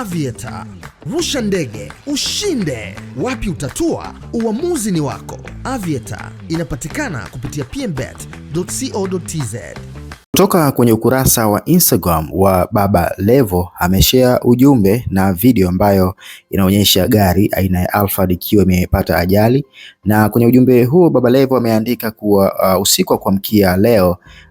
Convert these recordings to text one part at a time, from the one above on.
Aviator. Rusha ndege, ushinde. Wapi utatua? Uamuzi ni wako. Aviator inapatikana kupitia pmbet.co.tz. Kutoka kwenye ukurasa wa Instagram wa Baba Levo ameshare ujumbe na video ambayo inaonyesha gari aina ya Alphard ikiwa imepata ajali, na kwenye ujumbe huo Baba Levo ameandika kuwa uh, usiku wa kuamkia leo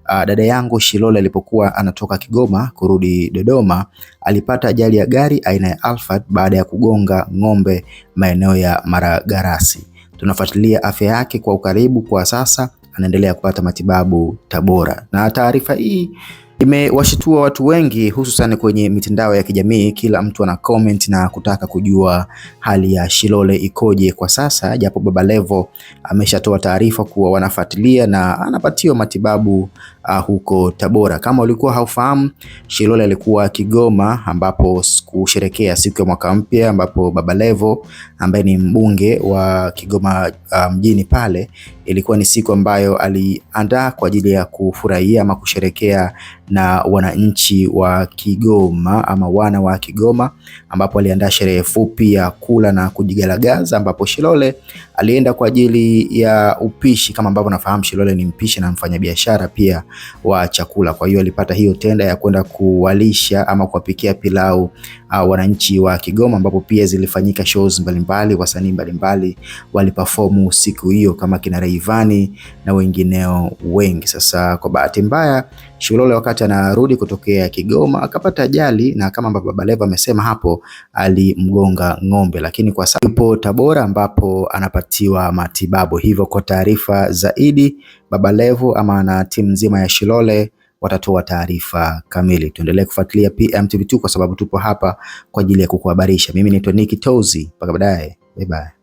uh, dada yangu Shilole alipokuwa anatoka Kigoma kurudi Dodoma alipata ajali ya gari aina ya Alphard baada ya kugonga ng'ombe maeneo ya Maragarasi. Tunafuatilia afya yake kwa ukaribu kwa sasa anaendelea kupata matibabu Tabora. Na taarifa hii imewashitua watu wengi, hususan kwenye mitandao ya kijamii. Kila mtu ana comment na kutaka kujua hali ya Shilole ikoje kwa sasa, japo Baba Levo ameshatoa taarifa kuwa wanafuatilia na anapatiwa matibabu uh, huko Tabora. Kama ulikuwa haufahamu, Shilole alikuwa Kigoma ambapo kusherekea siku ya mwaka mpya ambapo Baba Levo ambaye ni mbunge wa Kigoma uh, mjini pale, ilikuwa ni siku ambayo aliandaa kwa ajili ya kufurahia ama kusherekea na wananchi wa Kigoma ama wana wa Kigoma, ambapo aliandaa sherehe fupi ya kula na kujigalagaza, ambapo Shilole alienda kwa ajili ya upishi. Kama ambavyo nafahamu, Shilole ni mpishi na mfanyabiashara pia wa chakula. Kwa hiyo alipata hiyo tenda ya kwenda kuwalisha ama kuwapikia pilau uh, wananchi wa Kigoma, ambapo pia zilifanyika shows mbalimbali, wasanii mbalimbali waliperform siku hiyo kama kina Rayvanny na wengineo wengi. Sasa kwa bahati mbaya Shilole wakati anarudi kutokea Kigoma akapata ajali, na kama ambavyo Baba Levo amesema hapo, alimgonga ng'ombe, lakini kwa sasa yupo Tabora ambapo anapatiwa matibabu. Hivyo kwa taarifa zaidi, Baba Levo ama na timu nzima ya Shilole watatoa taarifa kamili. Tuendelee kufuatilia PMTV2 kwa sababu tupo hapa kwa ajili ya kukuhabarisha. Mimi naitwa Nicky Tozi, mpaka baadaye, bye bye.